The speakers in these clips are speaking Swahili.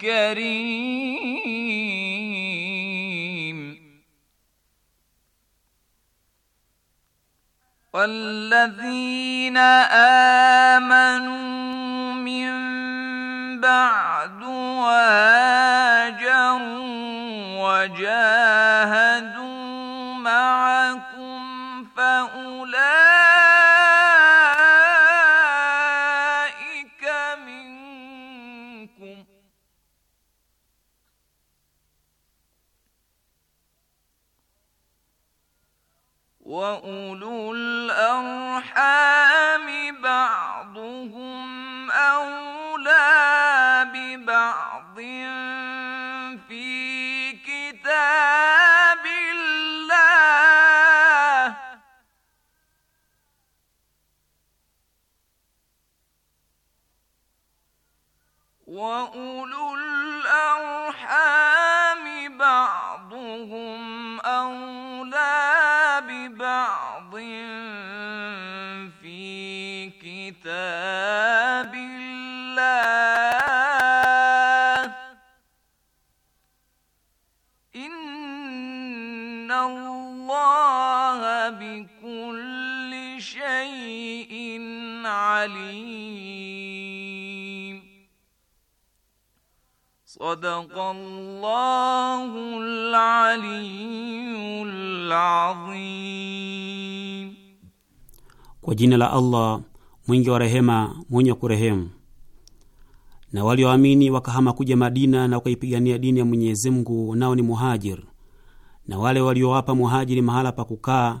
كريم والذين آمنوا من بعد وهاجروا وجاهدوا wa alim. Sadaqallahul aliyyul azim. Kwa jina la Allah mwingi wa rehema mwenye kurehemu. Na walioamini wa wakahama kuja Madina na wakaipigania dini ya Mwenyezi Mungu, nao ni muhajir, na wale waliowapa wa muhajiri mahala pa kukaa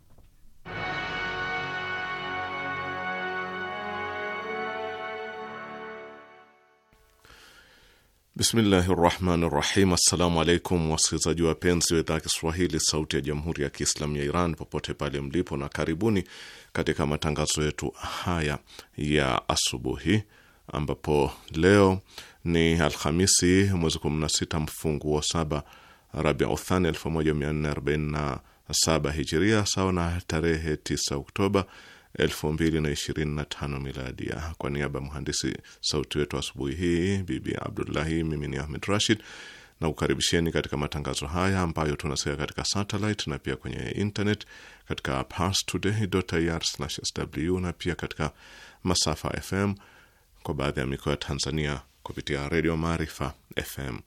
Bismillahi rahmani rahim. Assalamu alaikum wasikilizaji wapenzi wa idhaa ya Kiswahili sauti ya jamhuri ya Kiislamu ya Iran popote pale mlipo, na karibuni katika matangazo yetu haya ya asubuhi, ambapo leo ni Alhamisi mwezi 16 wa saba Rabiuthani 1447 hijiria sawa na tarehe 9 Oktoba miladi ya Kwa niaba ya mhandisi sauti wetu asubuhi hii Bibi Abdullahi, mimi ni Ahmed Rashid na kukaribisheni katika matangazo haya ambayo tunasikia katika satellite na pia kwenye internet katika parstoday.ir/sw na pia katika masafa FM kwa baadhi ya mikoa ya Tanzania kupitia Redio Maarifa FM.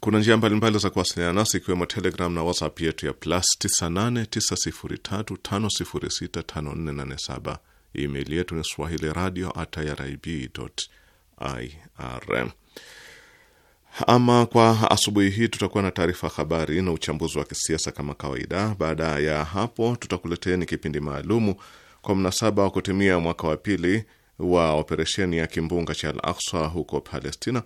Kuna njia mbalimbali za kuwasiliana nasi ikiwemo Telegram na WhatsApp yetu ya plus 989035065487. Email yetu ni swahili radio at irib.ir. Ama kwa asubuhi hii tutakuwa na taarifa habari na uchambuzi wa kisiasa kama kawaida. Baada ya hapo, tutakuleteeni kipindi maalumu kwa mnasaba wa kutimia mwaka wa pili wa operesheni ya kimbunga cha Al Aksa huko Palestina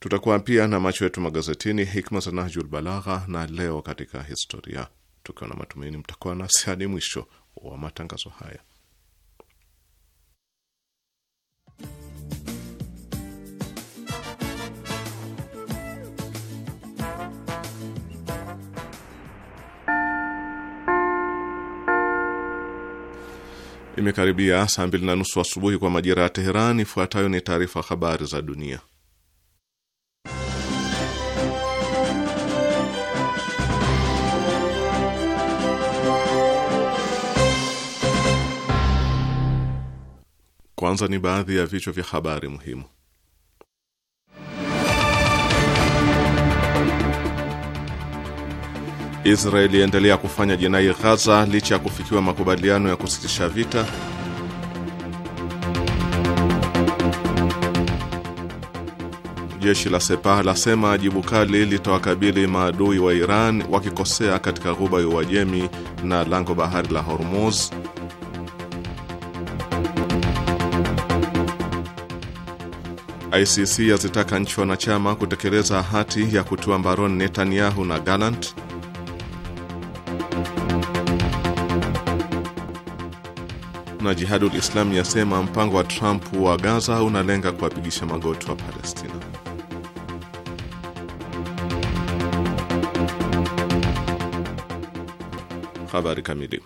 Tutakuwa pia na macho yetu magazetini, hikma za Nahjul Balagha na leo katika historia, tukiwa na matumaini mtakuwa nasi hadi mwisho wa matangazo haya. Imekaribia saa mbili na nusu asubuhi kwa majira ya Teheran. Ifuatayo ni taarifa habari za dunia. Kwanza ni baadhi ya vichwa vya habari muhimu. Israeli iendelea kufanya jinai Ghaza licha ya kufikiwa makubaliano ya kusitisha vita. Jeshi la Sepah lasema jibu kali litawakabili maadui wa Iran wakikosea katika ghuba ya Uajemi na lango bahari la Hormuz. ICC yazitaka nchi wanachama kutekeleza hati ya kutua mbaroni Netanyahu na Gallant. Na Jihadul Islami yasema mpango wa Trump wa Gaza unalenga kuwapigisha magoti wa Palestina. Habari kamili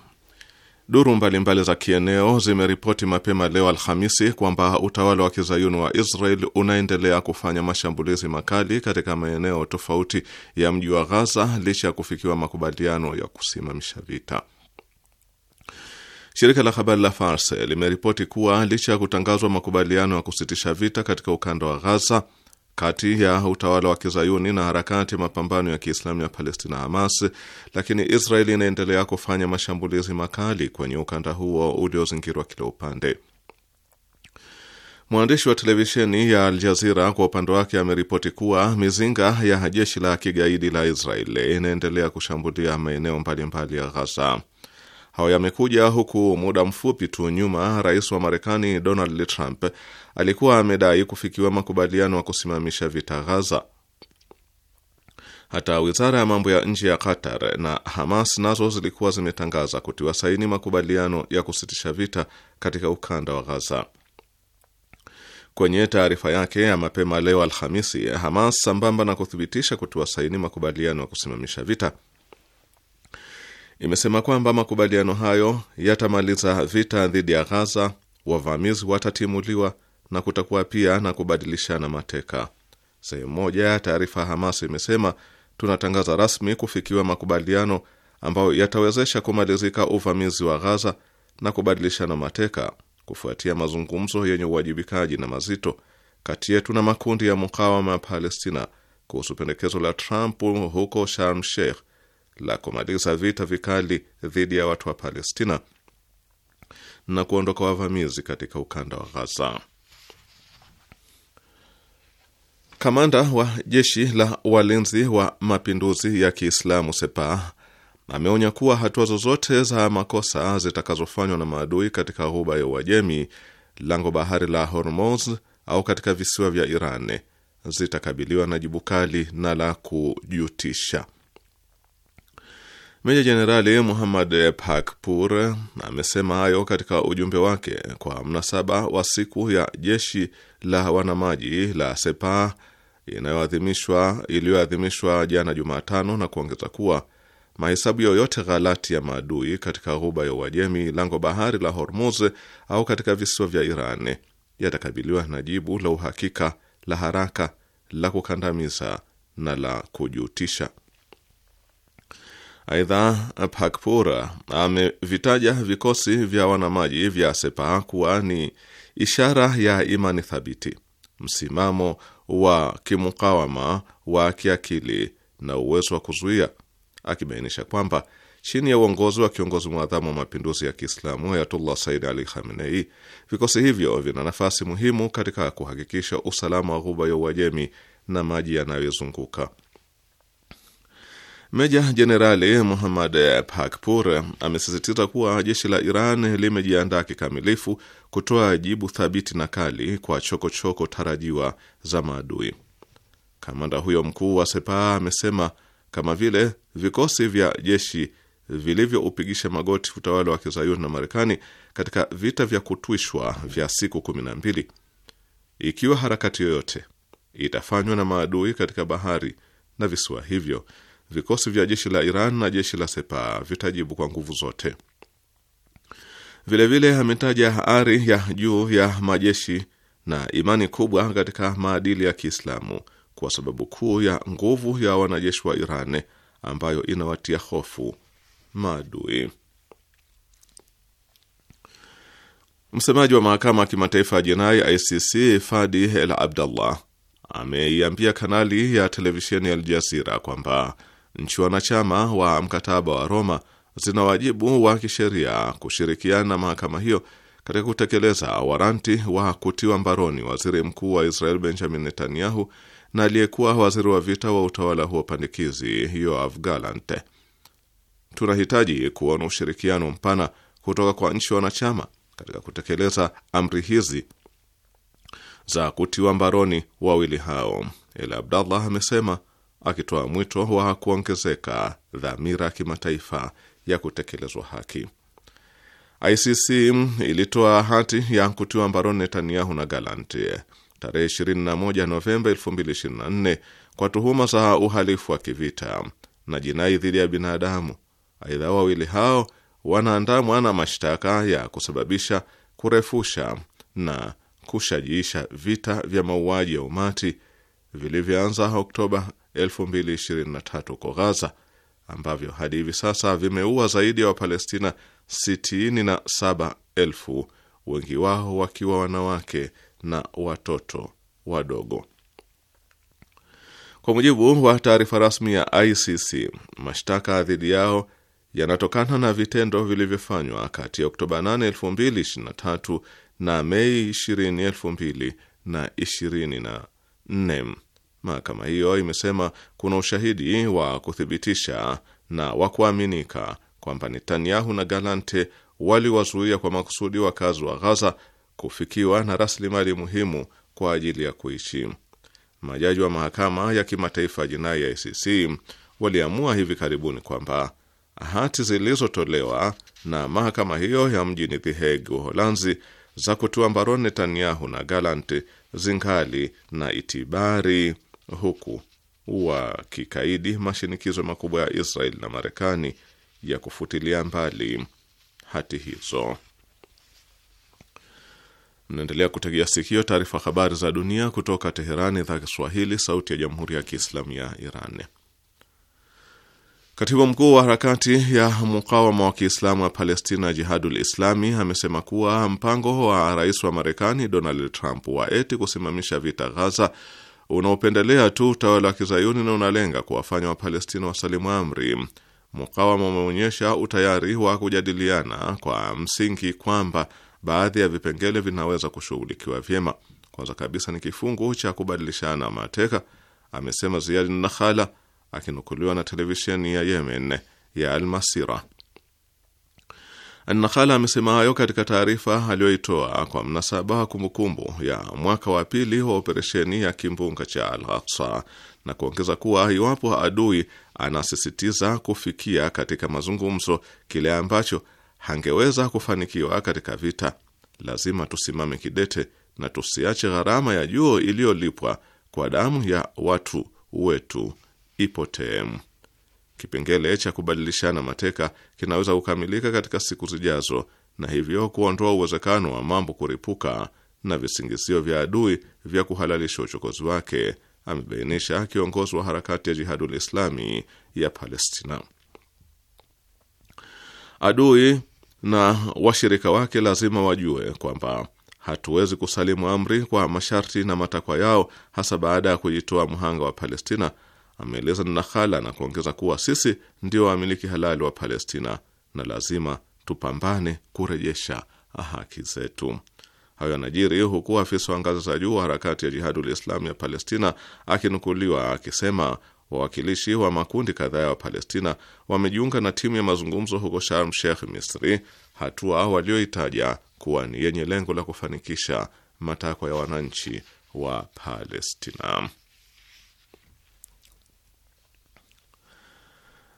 Duru mbalimbali za kieneo zimeripoti mapema leo Alhamisi kwamba utawala wa kizayuni wa Israel unaendelea kufanya mashambulizi makali katika maeneo tofauti ya mji wa Ghaza licha ya kufikiwa makubaliano ya kusimamisha vita. Shirika la habari la farse limeripoti kuwa licha ya kutangazwa makubaliano ya kusitisha vita katika ukanda wa Ghaza kati ya utawala wa kizayuni na harakati mapambano ya kiislamu ya Palestina, Hamas, lakini Israel inaendelea kufanya mashambulizi makali kwenye ukanda huo uliozingirwa kila upande. Mwandishi wa televisheni ya Al Jazira kwa upande wake ameripoti kuwa mizinga ya jeshi la kigaidi la Israel inaendelea kushambulia maeneo mbalimbali ya Ghaza. Hayo yamekuja huku muda mfupi tu nyuma rais wa Marekani Donald Trump alikuwa amedai kufikiwa makubaliano ya kusimamisha vita Ghaza. Hata wizara ya mambo ya nje ya Qatar na Hamas nazo zilikuwa zimetangaza kutiwa saini makubaliano ya kusitisha vita katika ukanda wa Ghaza. Kwenye taarifa yake ya mapema leo Alhamisi, Hamas sambamba na kuthibitisha kutiwa saini makubaliano ya kusimamisha vita imesema kwamba makubaliano hayo yatamaliza vita dhidi ya Ghaza, wavamizi watatimuliwa na kutakuwa pia na kubadilishana mateka. Sehemu moja ya taarifa ya Hamas imesema tunatangaza rasmi kufikiwa makubaliano ambayo yatawezesha kumalizika uvamizi wa Ghaza na kubadilishana mateka kufuatia mazungumzo yenye uwajibikaji na mazito kati yetu na makundi ya mukawama ya Palestina kuhusu pendekezo la Trump huko Sharm Sheikh la kumaliza vita vikali dhidi ya watu wa Palestina na kuondoka wavamizi katika ukanda wa Ghaza. Kamanda wa jeshi la walinzi wa mapinduzi ya Kiislamu sepa ameonya kuwa hatua zozote za makosa zitakazofanywa na maadui katika ghuba ya Uajemi, lango bahari la Hormuz au katika visiwa vya Iran zitakabiliwa na jibu kali na la kujutisha. Meja Jenerali Muhammad Pakpur amesema hayo katika ujumbe wake kwa mnasaba wa siku ya jeshi la wanamaji la sepa inayoadhimishwa iliyoadhimishwa jana Jumatano, na kuongeza kuwa mahesabu yoyote ghalati ya maadui katika ghuba ya Uajemi, lango bahari la Hormuz au katika visiwa vya Iran yatakabiliwa na jibu la uhakika la haraka la kukandamiza na la kujutisha. Aidha, Pakpura amevitaja vikosi vya wanamaji vya Sepa kuwa ni ishara ya imani thabiti, msimamo wa kimukawama wa kiakili na uwezo wa kuzuia, akibainisha kwamba chini ya uongozi wa kiongozi mwadhamu wa mapinduzi ya Kiislamu Ayatullah Said Ali Khamenei, vikosi hivyo vina nafasi muhimu katika kuhakikisha usalama wa Ghuba ya Uajemi na maji yanayoizunguka. Meja Jenerali Muhammad Pakpur amesisitiza kuwa jeshi la Iran limejiandaa kikamilifu kutoa jibu thabiti na kali kwa chokochoko choko tarajiwa za maadui. Kamanda huyo mkuu wa sepa amesema kama vile vikosi vya jeshi vilivyoupigisha magoti utawala wa kizayuni na Marekani katika vita vya kutwishwa vya siku 12, ikiwa harakati yoyote itafanywa na maadui katika bahari na visiwa hivyo vikosi vya jeshi la Iran na jeshi la Sepa vitajibu kwa nguvu zote. Vilevile ametaja ari ya juu ya majeshi na imani kubwa katika maadili ya Kiislamu kwa sababu kuu ya nguvu ya wanajeshi wa Iran ambayo inawatia hofu maadui. Msemaji wa mahakama ya kimataifa ya jinai ICC Fadi El Abdallah ameiambia kanali ya televisheni ya Aljazira kwamba nchi wanachama wa mkataba wa Roma zina wajibu wa kisheria kushirikiana na mahakama hiyo katika kutekeleza waranti wa kutiwa mbaroni waziri mkuu wa Israel Benjamin Netanyahu na aliyekuwa waziri wa vita wa utawala huo pandikizi Yoav Gallant. Tunahitaji kuona ushirikiano mpana kutoka kwa nchi wanachama katika kutekeleza amri hizi za kutiwa mbaroni wawili hao, Eli Abdallah amesema akitoa mwito wa kuongezeka dhamira ya kimataifa ya kutekelezwa haki. ICC ilitoa hati ya kutiwa mbaroni Netanyahu na Galanti tarehe 21 Novemba 2024 kwa tuhuma za uhalifu wa kivita na jinai dhidi ya binadamu. Aidha, wawili hao wanaandamwa na mashtaka ya kusababisha, kurefusha na kushajiisha vita vya mauaji ya umati vilivyoanza Oktoba 2023 kwa Ghaza ambavyo hadi hivi sasa vimeua zaidi ya wa Wapalestina 67,000 wengi wao wakiwa wanawake na watoto wadogo. Kwa mujibu wa taarifa rasmi ya ICC, mashtaka dhidi yao yanatokana na vitendo vilivyofanywa kati ya Oktoba 8, 2023 na Mei 20, 2024. Mahakama hiyo imesema kuna ushahidi wa kuthibitisha na wa kuaminika kwamba Netanyahu na Galante waliwazuia kwa makusudi wakazi wa Ghaza kufikiwa na rasilimali muhimu kwa ajili ya kuishi. Majaji wa mahakama ya kimataifa ya jinai ya ICC waliamua hivi karibuni kwamba hati zilizotolewa na mahakama hiyo ya mjini The Hague, Uholanzi, za kutua mbaroni Netanyahu na Galante zingali na itibari huku wakikaidi mashinikizo makubwa ya Israel na Marekani ya kufutilia mbali hati hizo. Mnaendelea kutegea sikio taarifa habari za dunia kutoka Teherani, idhaa Kiswahili, sauti ya jamhuri ya kiislamu ya Iran. Katibu mkuu wa harakati ya mukawama wa kiislamu wa Palestina, Jihadul Islami, amesema kuwa mpango wa rais wa Marekani Donald Trump wa eti kusimamisha vita Ghaza unaopendelea tu utawala wa kizayuni na unalenga kuwafanya Wapalestina wasalimu amri. Mukawama umeonyesha utayari wa kujadiliana kwa msingi kwamba baadhi ya vipengele vinaweza kushughulikiwa vyema. Kwanza kabisa ni kifungu cha kubadilishana mateka, amesema Ziyad Nakhala akinukuliwa na televisheni ya Yemen ya Almasira. Annakhala amesema hayo katika taarifa aliyoitoa kwa mnasaba wa kumbukumbu ya mwaka wa pili wa operesheni ya kimbunga cha al Aksa na kuongeza kuwa iwapo adui anasisitiza kufikia katika mazungumzo kile ambacho hangeweza kufanikiwa katika vita, lazima tusimame kidete na tusiache gharama ya juu iliyolipwa kwa damu ya watu wetu ipotee. Kipengele cha kubadilishana mateka kinaweza kukamilika katika siku zijazo, na hivyo kuondoa uwezekano wa mambo kuripuka na visingizio vya adui vya kuhalalisha uchokozi wake, amebainisha kiongozi wa harakati ya Jihadul Islami ya Palestina. Adui na washirika wake lazima wajue kwamba hatuwezi kusalimu amri kwa masharti na matakwa yao, hasa baada ya kujitoa mhanga wa Palestina ameeleza Nanakhala na kuongeza kuwa sisi ndio wamiliki halali wa Palestina na lazima tupambane kurejesha haki zetu. Hayo yanajiri huku afisa wa ngazi za juu wa harakati ya Jihadul Islamu ya Palestina akinukuliwa akisema wawakilishi wa makundi kadhaa ya Wapalestina wamejiunga na timu ya mazungumzo huko Sharm Sheikh, Misri, hatua walioitaja kuwa ni yenye lengo la kufanikisha matakwa ya wananchi wa Palestina.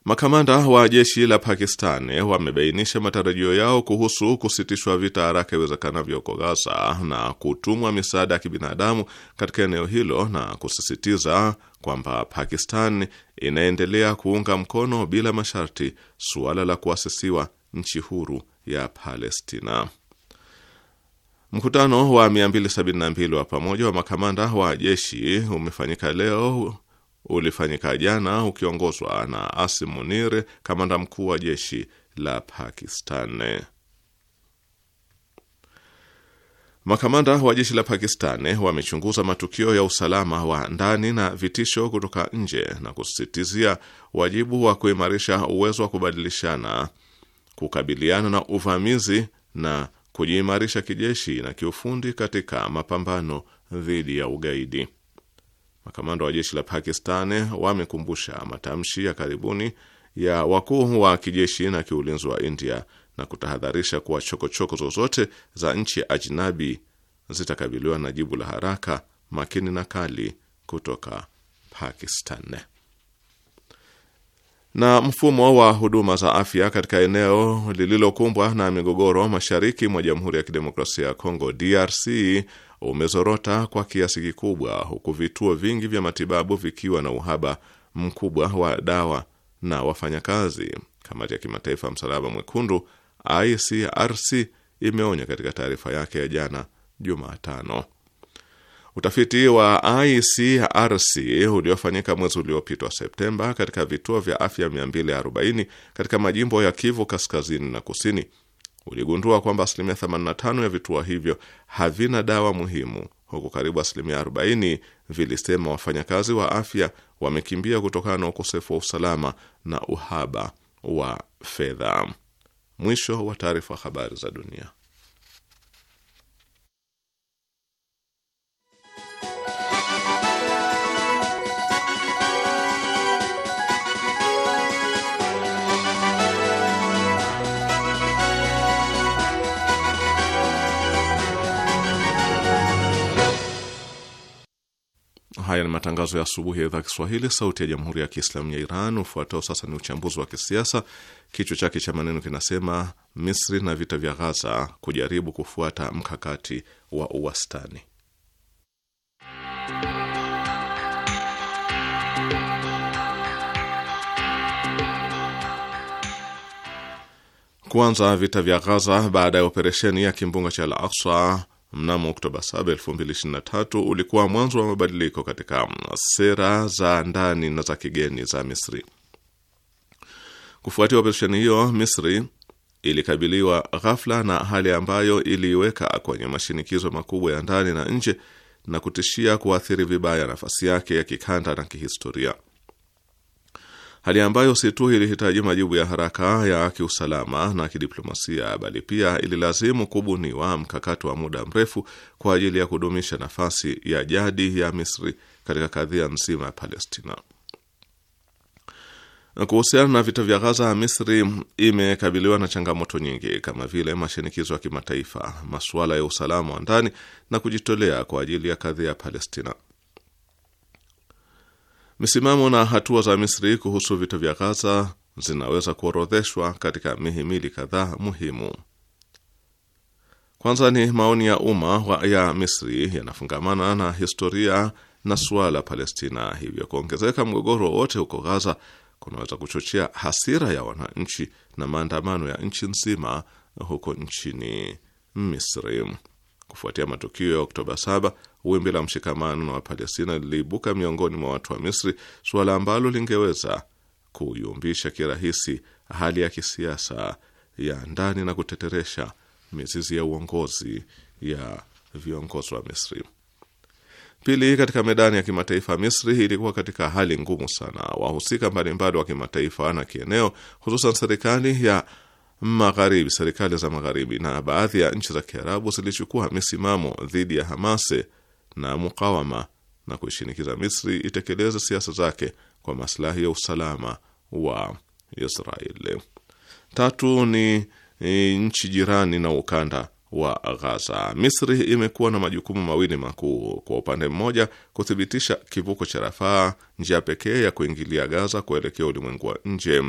Makamanda wa jeshi la Pakistan wamebainisha matarajio yao kuhusu kusitishwa vita haraka iwezekanavyo huko Gaza na kutumwa misaada ya kibinadamu katika eneo hilo na kusisitiza kwamba Pakistan inaendelea kuunga mkono bila masharti suala la kuasisiwa nchi huru ya Palestina. Mkutano wa 272 wa pamoja wa makamanda wa jeshi umefanyika leo ulifanyika jana ukiongozwa na Asim Munir, kamanda mkuu wa jeshi la Pakistan. Makamanda wa jeshi la Pakistani wamechunguza matukio ya usalama wa ndani na vitisho kutoka nje na kusisitizia wajibu wa kuimarisha uwezo wa kubadilishana, kukabiliana na uvamizi na kujiimarisha kijeshi na kiufundi katika mapambano dhidi ya ugaidi. Makamanda wa jeshi la Pakistan wamekumbusha matamshi ya karibuni ya wakuu wa kijeshi na kiulinzi wa India na kutahadharisha kuwa chokochoko zozote za nchi ya ajnabi zitakabiliwa na jibu la haraka, makini na kali kutoka Pakistan. Na mfumo wa huduma za afya katika eneo lililokumbwa na migogoro mashariki mwa Jamhuri ya Kidemokrasia ya Kongo DRC umezorota kwa kiasi kikubwa, huku vituo vingi vya matibabu vikiwa na uhaba mkubwa wa dawa na wafanyakazi. Kamati ya Kimataifa Msalaba Mwekundu ICRC imeonya katika taarifa yake ya jana Jumatano. Utafiti wa ICRC uliofanyika mwezi uliopitwa Septemba katika vituo vya afya 240 katika majimbo ya Kivu Kaskazini na Kusini uligundua kwamba asilimia 85 ya vituo hivyo havina dawa muhimu, huku karibu asilimia 40 vilisema wafanyakazi wa afya wamekimbia kutokana na ukosefu wa usalama na uhaba wa fedha. Mwisho wa taarifa. Habari za dunia. Haya ni matangazo ya asubuhi ya idhaa Kiswahili, sauti ya jamhuri ya kiislamu ya Iran. Ufuatao sasa ni uchambuzi wa kisiasa, kichwa chake cha maneno kinasema Misri na vita vya Ghaza kujaribu kufuata mkakati wa uwastani. Kuanza vita vya Ghaza baada ya operesheni ya kimbunga cha Al Aksa mnamo Oktoba 7, 2023 ulikuwa mwanzo wa mabadiliko katika mm, sera za ndani na za kigeni za Misri. Kufuatia operesheni hiyo, Misri ilikabiliwa ghafla na hali ambayo iliiweka kwenye mashinikizo makubwa ya ndani na nje na kutishia kuathiri vibaya nafasi yake ya kikanda na kihistoria hali ambayo si tu ilihitaji majibu ya haraka ya kiusalama na kidiplomasia, bali pia ililazimu kubuniwa mkakati wa muda mrefu kwa ajili ya kudumisha nafasi ya jadi ya Misri katika kadhia nzima ya Palestina. Kuhusiana na vita vya Ghaza, Misri imekabiliwa na changamoto nyingi kama vile mashinikizo ya kimataifa, masuala ya usalama wa ndani na kujitolea kwa ajili ya kadhia ya Palestina. Misimamo na hatua za Misri kuhusu vita vya Ghaza zinaweza kuorodheshwa katika mihimili kadhaa muhimu. Kwanza ni maoni ya umma ya Misri yanafungamana na historia na suala la Palestina, hivyo kuongezeka mgogoro wowote huko Ghaza kunaweza kuchochea hasira ya wananchi na maandamano ya nchi nzima huko nchini Misri. Kufuatia matukio ya Oktoba 7, wimbi la mshikamano na Wapalestina liliibuka miongoni mwa watu wa Misri, suala ambalo lingeweza kuyumbisha kirahisi hali ya kisiasa ya ndani na kuteteresha mizizi ya uongozi ya viongozi wa Misri. Pili, katika medani ya kimataifa, Misri ilikuwa katika hali ngumu sana. Wahusika mbalimbali wa kimataifa na kieneo, hususan serikali ya magharibi, serikali za magharibi na baadhi ya nchi za Kiarabu zilichukua misimamo dhidi ya Hamase na mukawama na kuishinikiza Misri itekeleze siasa zake kwa maslahi ya usalama wa Israeli. Tatu ni e, nchi jirani na ukanda wa Gaza. Misri imekuwa na majukumu mawili makuu: kwa upande mmoja, kuthibitisha kivuko cha Rafaa, njia pekee ya kuingilia Gaza kuelekea ulimwengu wa nje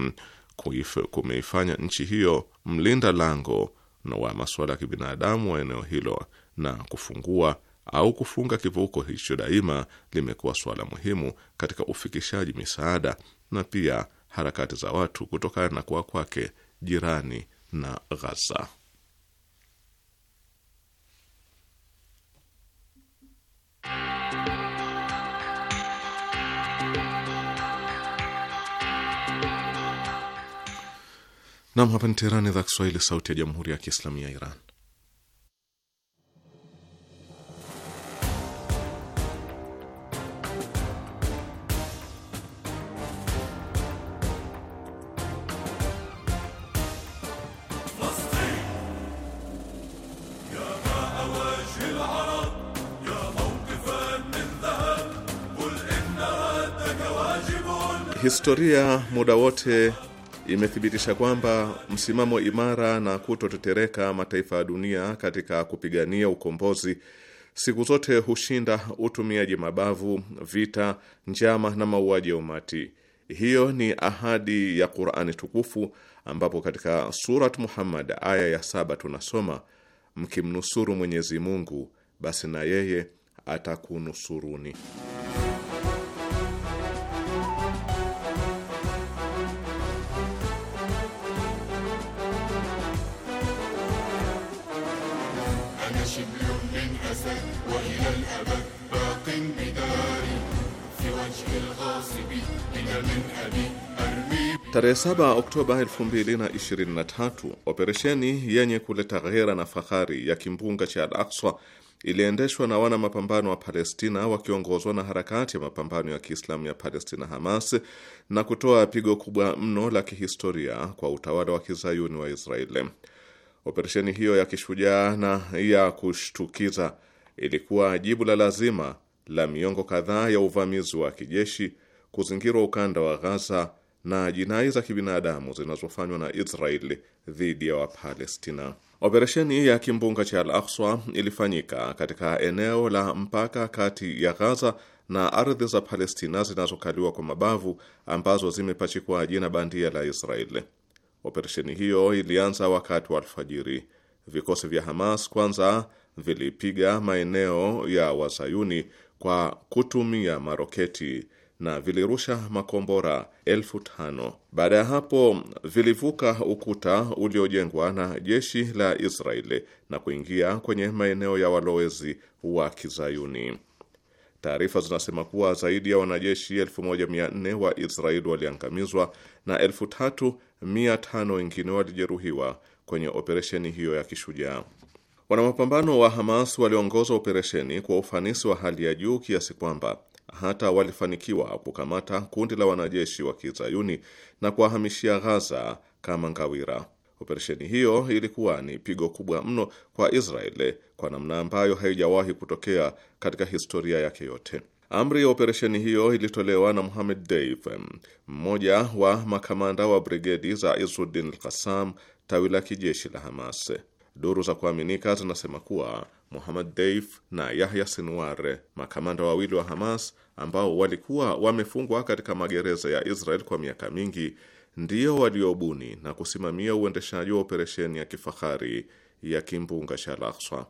kumeifanya nchi hiyo mlinda lango wa masuala ya kibinadamu wa eneo hilo, na kufungua au kufunga kivuko hicho daima limekuwa suala muhimu katika ufikishaji misaada na pia harakati za watu kutokana na kuwa kwake jirani na Ghaza. Nam, hapa ni Teherani, idhaa Kiswahili, sauti ya jamhuri ya kiislamu ya Iran. Historia muda wote imethibitisha kwamba msimamo imara na kutotetereka mataifa ya dunia katika kupigania ukombozi siku zote hushinda utumiaji mabavu, vita, njama na mauaji ya umati. Hiyo ni ahadi ya Qur'ani tukufu, ambapo katika Surat Muhammad aya ya saba tunasoma mkimnusuru Mwenyezi Mungu, basi na yeye atakunusuruni. Tarehe 7 Oktoba 2023 operesheni yenye kuleta ghera na fahari ya kimbunga cha Al-Aqsa iliendeshwa na wana mapambano wa Palestina wakiongozwa na harakati ya mapambano ya Kiislamu ya Palestina Hamas na kutoa pigo kubwa mno la kihistoria kwa utawala wa kizayuni wa Israeli. Operesheni hiyo ya kishujaa na ya kushtukiza ilikuwa jibu la lazima la miongo kadhaa ya uvamizi wa kijeshi kuzingirwa ukanda wa Ghaza na jinai za kibinadamu zinazofanywa na Israeli dhidi ya Wapalestina. Operesheni ya kimbunga cha Al Akswa ilifanyika katika eneo la mpaka kati ya Ghaza na ardhi za Palestina zinazokaliwa kwa mabavu ambazo zimepachikwa jina bandia la Israeli. Operesheni hiyo ilianza wakati wa alfajiri. Vikosi vya Hamas kwanza vilipiga maeneo ya Wazayuni kwa kutumia maroketi na vilirusha makombora elfu tano. Baada ya hapo vilivuka ukuta uliojengwa na jeshi la Israeli na kuingia kwenye maeneo ya walowezi wa Kizayuni. Taarifa zinasema kuwa zaidi ya wanajeshi 1400 wa Israeli waliangamizwa na 3500 wengine walijeruhiwa kwenye operesheni hiyo ya kishujaa. Wanamapambano wa Hamas waliongoza operesheni kwa ufanisi wa hali ya juu kiasi kwamba hata walifanikiwa kukamata kundi la wanajeshi wa kizayuni na kuwahamishia Ghaza kama ngawira. Operesheni hiyo ilikuwa ni pigo kubwa mno kwa Israeli kwa namna ambayo haijawahi kutokea katika historia yake yote. Amri ya operesheni hiyo ilitolewa na muhamed Deif, mmoja wa makamanda wa brigedi za Izzuddin al-Qassam, tawi la kijeshi la Hamas. Duru za kuaminika zinasema kuwa Mohamed Deif na Yahya Sinwar, makamanda wawili wa Hamas, ambao walikuwa wamefungwa katika magereza ya Israel kwa miaka mingi ndio waliobuni na kusimamia uendeshaji wa operesheni ya kifahari ya kimbunga cha Al-Aqsa.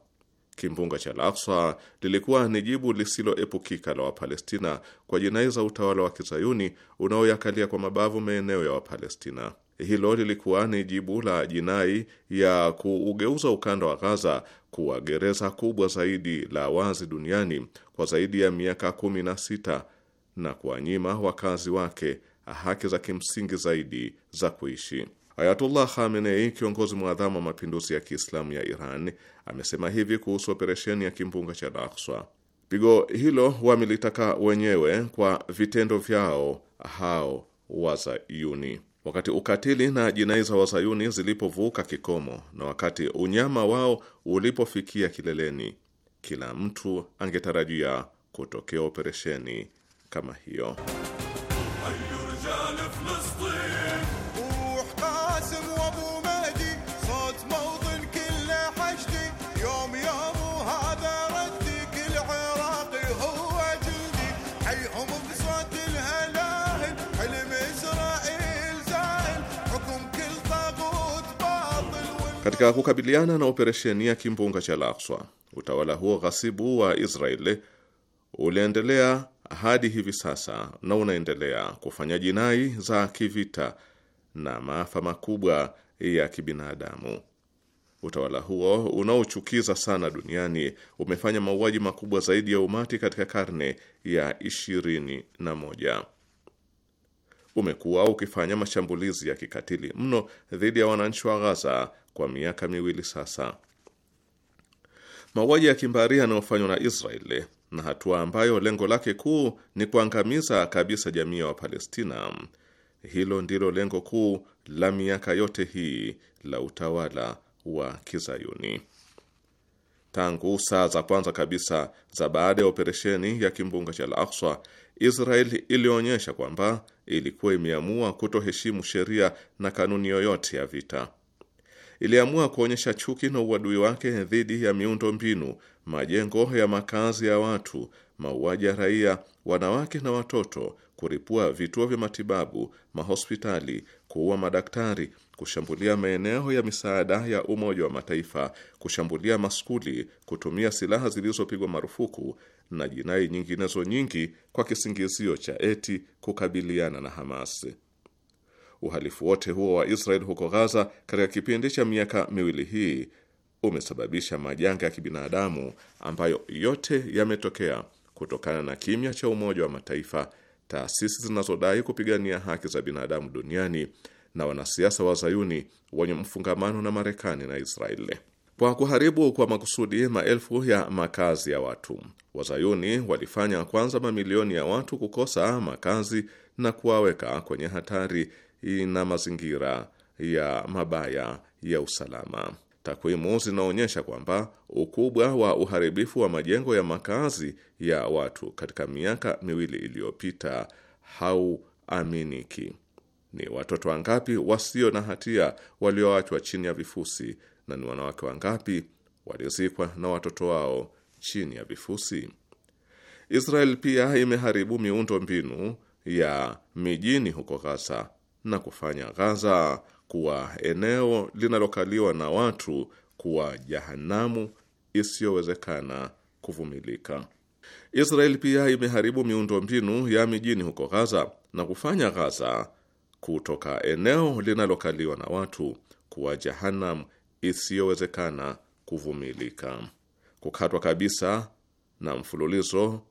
Kimbunga cha Al-Aqsa lilikuwa ni jibu lisiloepukika la Wapalestina kwa jinai za utawala wa kizayuni unaoyakalia kwa mabavu maeneo ya Wapalestina. Hilo lilikuwa ni jibu la jinai ya kuugeuza ukanda wa Gaza kuwa gereza kubwa zaidi la wazi duniani kwa zaidi ya miaka kumi na sita na kuwanyima wakazi wake haki za kimsingi zaidi za kuishi. Ayatullah Khamenei, kiongozi mwadhamu wa mapinduzi ya Kiislamu ya Iran, amesema hivi kuhusu operesheni ya kimbunga cha Al-Aqsa: pigo hilo wamelitaka wenyewe kwa vitendo vyao hao wazayuni. Wakati ukatili na jinai za wazayuni zilipovuka kikomo na wakati unyama wao ulipofikia kileleni, kila mtu angetarajia kutokea operesheni kama hiyo. Katika kukabiliana na operesheni ya kimbunga cha Al-Aqsa, utawala huo ghasibu wa Israeli uliendelea hadi hivi sasa na unaendelea kufanya jinai za kivita na maafa makubwa ya kibinadamu. Utawala huo unaochukiza sana duniani umefanya mauaji makubwa zaidi ya umati katika karne ya ishirini na moja. Umekuwa ukifanya mashambulizi ya kikatili mno dhidi ya wananchi wa Ghaza kwa miaka miwili sasa. Mauaji ya kimbari yanayofanywa na Israeli na hatua ambayo lengo lake kuu ni kuangamiza kabisa jamii ya Wapalestina, hilo ndilo lengo kuu la miaka yote hii la utawala wa Kizayuni. Tangu saa za kwanza kabisa za baada ya operesheni ya kimbunga cha Al-Aqsa, Israel ilionyesha kwamba ilikuwa imeamua kutoheshimu sheria na kanuni yoyote ya vita iliamua kuonyesha chuki na uadui wake dhidi ya miundo mbinu, majengo ya makazi ya watu, mauaji ya raia, wanawake na watoto, kuripua vituo vya matibabu, mahospitali, kuua madaktari, kushambulia maeneo ya misaada ya Umoja wa Mataifa, kushambulia maskuli, kutumia silaha zilizopigwa marufuku na jinai nyinginezo nyingi kwa kisingizio cha eti kukabiliana na Hamas. Uhalifu wote huo wa Israel huko Gaza katika kipindi cha miaka miwili hii umesababisha majanga ya kibinadamu ambayo yote yametokea kutokana na kimya cha Umoja wa Mataifa, taasisi zinazodai kupigania haki za binadamu duniani na wanasiasa wazayuni wenye mfungamano na Marekani na Israeli. Kwa kuharibu kwa makusudi maelfu ya makazi ya watu, wazayuni walifanya kwanza mamilioni ya watu kukosa makazi na kuwaweka kwenye hatari na mazingira ya mabaya ya usalama. Takwimu zinaonyesha kwamba ukubwa wa uharibifu wa majengo ya makazi ya watu katika miaka miwili iliyopita hauaminiki. Ni watoto wangapi wasio na hatia walioachwa chini ya vifusi, na ni wanawake wangapi walizikwa na watoto wao chini ya vifusi? Israel pia imeharibu miundo mbinu ya mijini huko Gaza na kufanya Ghaza kuwa eneo linalokaliwa na watu kuwa jahanamu isiyowezekana kuvumilika. Israel pia imeharibu miundombinu ya mijini huko Ghaza na kufanya Ghaza kutoka eneo linalokaliwa na watu kuwa jahanamu isiyowezekana kuvumilika. Kukatwa kabisa na mfululizo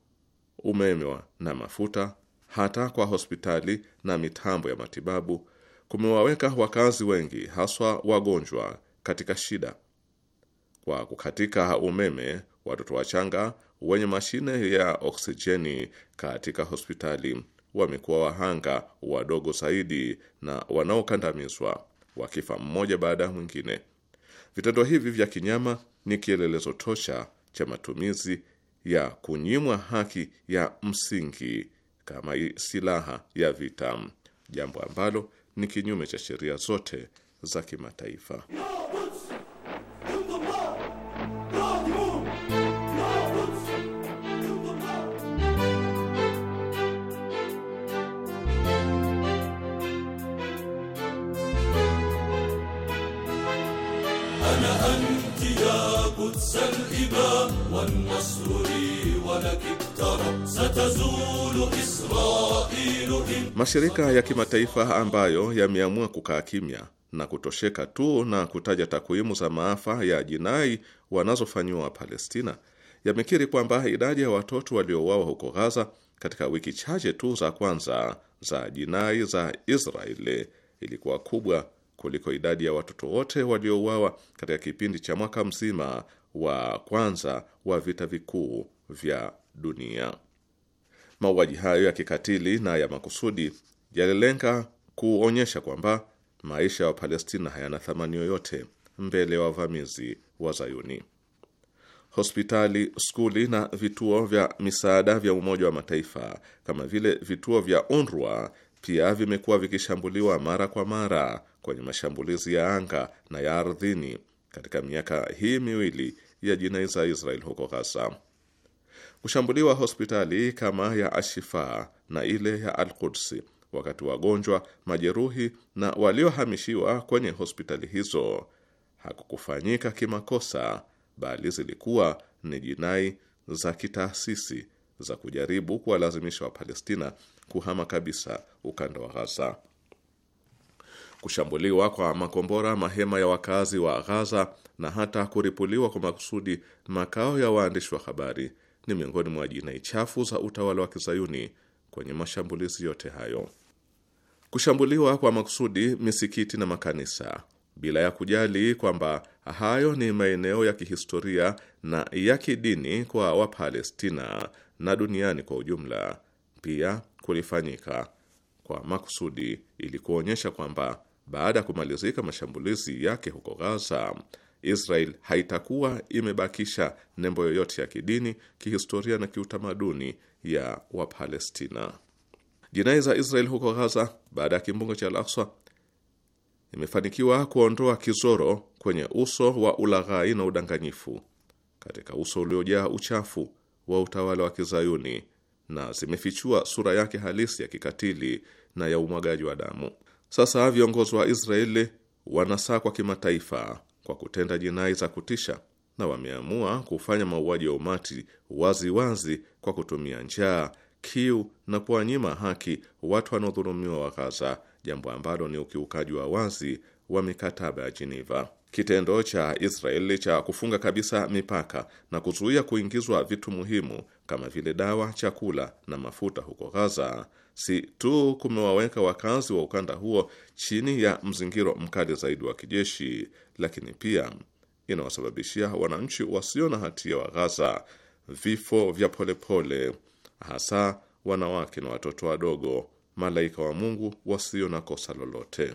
umeme na mafuta hata kwa hospitali na mitambo ya matibabu kumewaweka wakazi wengi haswa wagonjwa katika shida. Kwa kukatika umeme, watoto wachanga wenye mashine ya oksijeni katika hospitali wamekuwa wahanga wadogo zaidi na wanaokandamizwa, wakifa mmoja baada ya mwingine. Vitendo hivi vya kinyama ni kielelezo tosha cha matumizi ya kunyimwa haki ya msingi kama silaha ya vita, jambo ambalo ni kinyume cha sheria zote za kimataifa. قدس الإباء والنصر لي ولك ابترى ستزول إسرائيل إن mashirika ya kimataifa ambayo yameamua kukaa kimya na kutosheka tu na kutaja takwimu za maafa ya jinai wanazofanyiwa wa Palestina yamekiri kwamba idadi ya watoto waliouawa huko Gaza katika wiki chache tu za kwanza za jinai za Israeli ilikuwa kubwa kuliko idadi ya watoto wote waliouawa katika kipindi cha mwaka mzima wa kwanza wa vita vikuu vya dunia. Mauaji hayo ya kikatili na ya makusudi yalilenga kuonyesha kwamba maisha ya Palestina hayana thamani yoyote mbele ya wa wavamizi wa Zayuni. Hospitali, skuli na vituo vya misaada vya Umoja wa Mataifa kama vile vituo vya UNRWA pia vimekuwa vikishambuliwa mara kwa mara kwenye mashambulizi ya anga na ya ardhini katika miaka hii miwili ya jinai za Israel huko Gaza. Kushambuliwa hospitali kama ya Ashifa na ile ya Al-Quds wakati wagonjwa, majeruhi na waliohamishiwa kwenye hospitali hizo hakukufanyika kimakosa, bali zilikuwa ni jinai za kitaasisi za kujaribu kuwalazimisha Wapalestina kuhama kabisa ukanda wa Gaza kushambuliwa kwa makombora mahema ya wakazi wa Ghaza na hata kuripuliwa kwa makusudi makao ya waandishi wa habari ni miongoni mwa jinai chafu za utawala wa kizayuni. Kwenye mashambulizi yote hayo, kushambuliwa kwa makusudi misikiti na makanisa bila ya kujali kwamba hayo ni maeneo ya kihistoria na ya kidini kwa Wapalestina na duniani kwa ujumla, pia kulifanyika kwa makusudi ili kuonyesha kwamba baada ya kumalizika mashambulizi yake huko Gaza, Israel haitakuwa imebakisha nembo yoyote ya kidini, kihistoria na kiutamaduni ya Wapalestina. Jinai za Israel huko Gaza baada ya kimbunga cha Al-Aqsa imefanikiwa kuondoa kizoro kwenye uso wa ulaghai na udanganyifu katika uso uliojaa uchafu wa utawala wa kizayuni na zimefichua sura yake halisi ya kikatili na ya umwagaji wa damu. Sasa viongozi wa Israeli wanasakwa kimataifa kwa kutenda jinai za kutisha na wameamua kufanya mauaji ya umati wazi wazi kwa kutumia njaa, kiu na kuwanyima haki watu wanaodhulumiwa wa Gaza, jambo ambalo ni ukiukaji wa wazi wa mikataba ya Geneva. Kitendo cha Israeli cha kufunga kabisa mipaka na kuzuia kuingizwa vitu muhimu kama vile dawa, chakula na mafuta huko Gaza si tu kumewaweka wakazi wa ukanda huo chini ya mzingiro mkali zaidi wa kijeshi, lakini pia inawasababishia wananchi wasio na hatia wa Ghaza vifo vya polepole pole, hasa wanawake na watoto wadogo, malaika wa Mungu wasio na kosa lolote.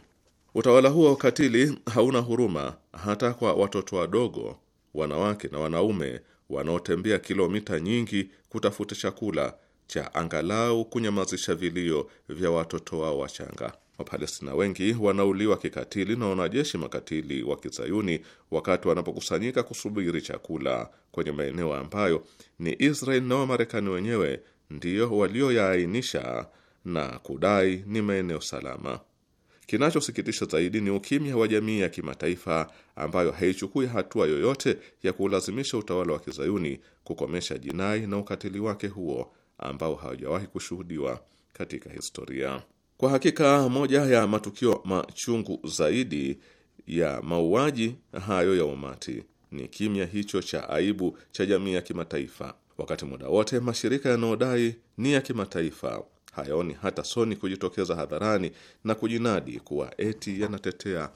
Utawala huo katili hauna huruma hata kwa watoto wadogo, wanawake na wanaume wanaotembea kilomita nyingi kutafuta chakula cha angalau kunyamazisha vilio vya watoto wao wachanga. Wapalestina wengi wanauliwa kikatili na wanajeshi makatili wa kizayuni wakati wanapokusanyika kusubiri chakula kwenye maeneo ambayo ni Israel na Wamarekani wenyewe ndiyo walioyaainisha na kudai ni maeneo salama. Kinachosikitisha zaidi ni ukimya wa jamii ya kimataifa ambayo haichukui hatua yoyote ya kuulazimisha utawala wa kizayuni kukomesha jinai na ukatili wake huo ambao hawajawahi kushuhudiwa katika historia. Kwa hakika moja ya matukio machungu zaidi ya mauaji hayo ya umati ni kimya hicho cha aibu cha jamii ya kimataifa. Wakati muda wote mashirika yanayodai ni ya kimataifa hayaoni hata soni kujitokeza hadharani na kujinadi kuwa eti yanatetea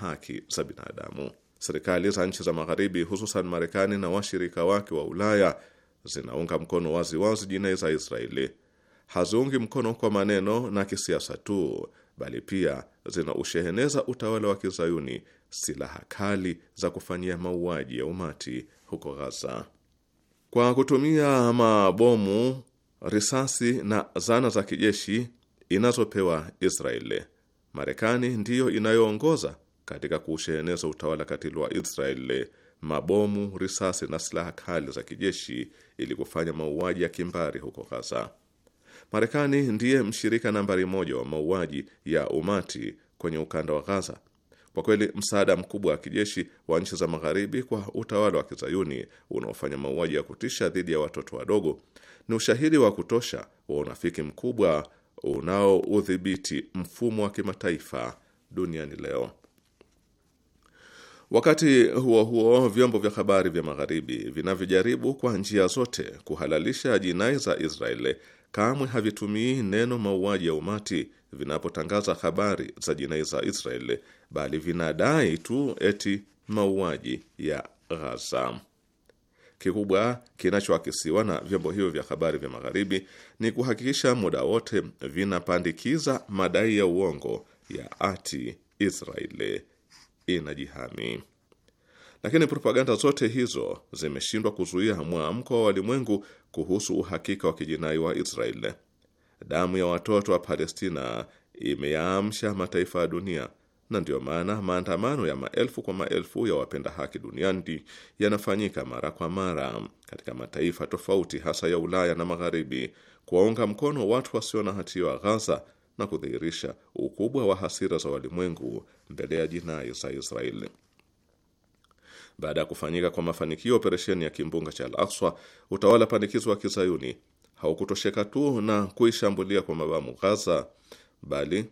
haki za binadamu. Serikali za nchi za Magharibi, hususan Marekani na washirika wake wa Ulaya zinaunga mkono wazi wazi jinai za Israeli. Haziungi mkono kwa maneno na kisiasa tu, bali pia zinausheheneza utawala wa kizayuni silaha kali za kufanyia mauaji ya umati huko Gaza kwa kutumia mabomu, risasi na zana za kijeshi inazopewa Israeli. Marekani ndiyo inayoongoza katika kuusheheneza utawala katili wa Israeli mabomu, risasi na silaha kali za kijeshi ili kufanya mauaji ya kimbari huko Gaza. Marekani ndiye mshirika nambari moja wa mauaji ya umati kwenye ukanda wa Gaza. Kwa kweli msaada mkubwa wa kijeshi wa nchi za magharibi kwa utawala wa kizayuni unaofanya mauaji ya kutisha dhidi ya watoto wadogo ni ushahidi wa kutosha wa unafiki mkubwa unaoudhibiti mfumo wa kimataifa duniani leo. Wakati huo huo, vyombo vya habari vya Magharibi vinavyojaribu kwa njia zote kuhalalisha jinai za Israeli kamwe havitumii neno mauaji ya umati vinapotangaza habari za jinai za Israeli, bali vinadai tu eti mauaji ya Ghaza. Kikubwa kinachoakisiwa na vyombo hivyo vya habari vya Magharibi ni kuhakikisha muda wote vinapandikiza madai ya uongo ya ati Israeli inajihami. Lakini propaganda zote hizo zimeshindwa kuzuia mwamko wa walimwengu kuhusu uhakika wa kijinai wa Israel. Damu ya watoto wa Palestina imeyaamsha mataifa ya dunia, na ndiyo maana maandamano ya maelfu kwa maelfu ya wapenda haki duniani yanafanyika mara kwa mara katika mataifa tofauti, hasa ya Ulaya na Magharibi, kuwaunga mkono watu wasio na hatia wa Ghaza na kudhihirisha ukubwa wa hasira za walimwengu mbele ya jinai za Israeli. Baada ya kufanyika kwa mafanikio operesheni ya kimbunga cha Al-Aqsa, utawala panikizo wa kizayuni haukutosheka tu na kuishambulia kwa mabamu Gaza, bali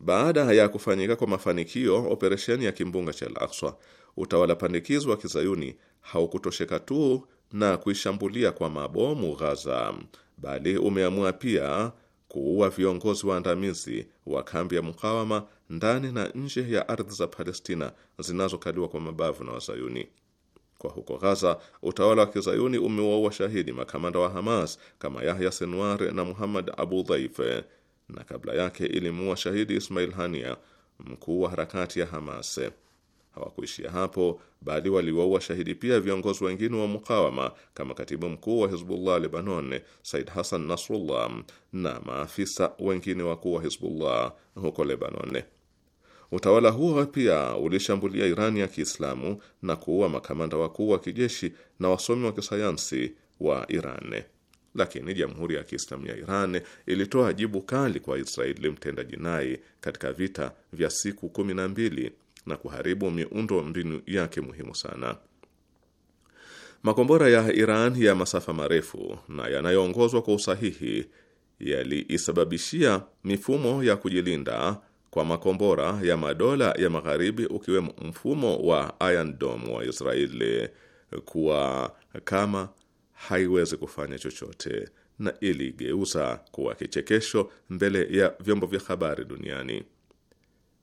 baada ya kufanyika kwa mafanikio operesheni ya kimbunga cha Al-Aqsa, utawala pandikizo wa kizayuni haukutosheka tu na kuishambulia kwa mabomu Ghaza, bali umeamua pia kuua viongozi waandamizi wa kambi ya mukawama ndani na nje ya ardhi za Palestina zinazokaliwa kwa mabavu na Wazayuni. Kwa huko Ghaza, utawala wa kizayuni umewaua shahidi makamanda wa Hamas kama Yahya senuare na Muhammad Abu Dhaif, na kabla yake ilimuua shahidi Ismail Hania, mkuu wa harakati ya Hamas. Hawakuishia hapo, bali waliwaua shahidi pia viongozi wengine wa mukawama kama katibu mkuu wa Hizbullah Lebanon Said Hassan Nasrullah na maafisa wengine wakuu wa Hizbullah huko Lebanon. Utawala huo pia ulishambulia Irani ya Kiislamu na kuua makamanda wakuu wa kijeshi na wasomi wa kisayansi wa Iran. Lakini Jamhuri ya Kiislamu ya Iran ilitoa jibu kali kwa Israeli mtenda jinai katika vita vya siku kumi na mbili na kuharibu miundo mbinu yake muhimu sana. Makombora ya Iran ya masafa marefu na yanayoongozwa kwa usahihi yaliisababishia mifumo ya kujilinda kwa makombora ya madola ya magharibi ukiwemo mfumo wa Iron Dome wa Israeli kuwa kama haiwezi kufanya chochote na iligeuza kuwa kichekesho mbele ya vyombo vya habari duniani.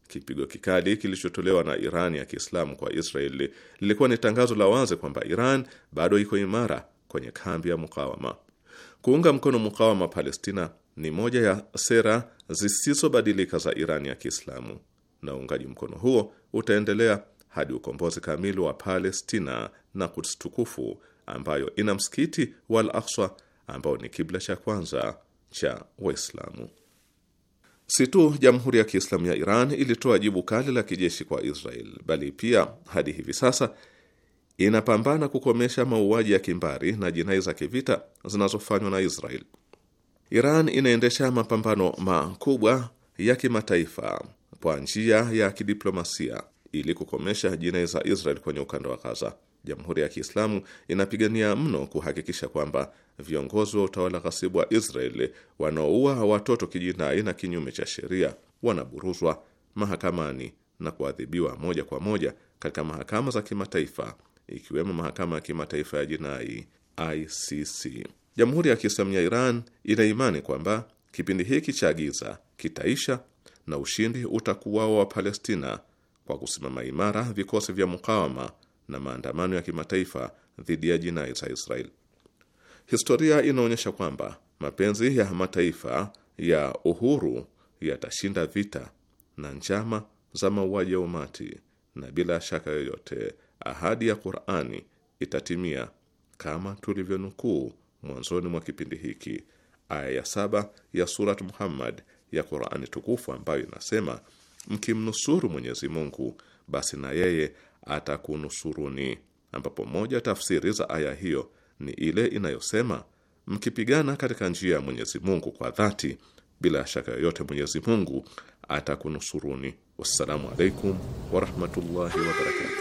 Kipigo kikali kilichotolewa na Iran ya Kiislamu kwa Israeli lilikuwa ni tangazo la wazi kwamba Iran bado iko imara kwenye kambi ya mukawama. Kuunga mkono mukawama Palestina ni moja ya sera zisizobadilika za Iran ya Kiislamu, na uungaji mkono huo utaendelea hadi ukombozi kamili wa Palestina na Quds tukufu ambayo ina msikiti wa Al-Aqsa ambao ni kibla cha kwanza cha Waislamu. Si tu Jamhuri ya Kiislamu ya Iran ilitoa jibu kali la kijeshi kwa Israel, bali pia hadi hivi sasa inapambana kukomesha mauaji ya kimbari na jinai za kivita zinazofanywa na Israel. Iran inaendesha mapambano makubwa ya kimataifa kwa njia ya kidiplomasia ili kukomesha jinai za Israel kwenye ukanda wa Gaza. Jamhuri ya Kiislamu inapigania mno kuhakikisha kwamba viongozi wa utawala ghasibu wa Israeli wanaoua watoto kijinai na kinyume cha sheria wanaburuzwa mahakamani na kuadhibiwa moja kwa moja katika mahakama za kimataifa ikiwemo mahakama ya kimataifa ya jinai ICC. Jamhuri ya Kiislamu ya Iran ina imani kwamba kipindi hiki cha giza kitaisha na ushindi utakuwa wa Palestina kwa kusimama imara vikosi vya mukawama na maandamano ya kimataifa dhidi ya jinai za Israel. Historia inaonyesha kwamba mapenzi ya mataifa ya uhuru yatashinda vita na njama za mauaji ya umati, na bila shaka yoyote ahadi ya Qur'ani itatimia kama tulivyonukuu mwanzoni mwa kipindi hiki aya ya saba ya Surat Muhammad ya Qur'ani tukufu ambayo inasema, mkimnusuru Mwenyezi Mungu basi na yeye atakunusuruni, ambapo moja tafsiri za aya hiyo ni ile inayosema mkipigana katika njia ya Mwenyezi Mungu kwa dhati, bila shaka yoyote Mwenyezi Mungu atakunusuruni. Wassalamu alaikum warahmatullahi wabarakatuh.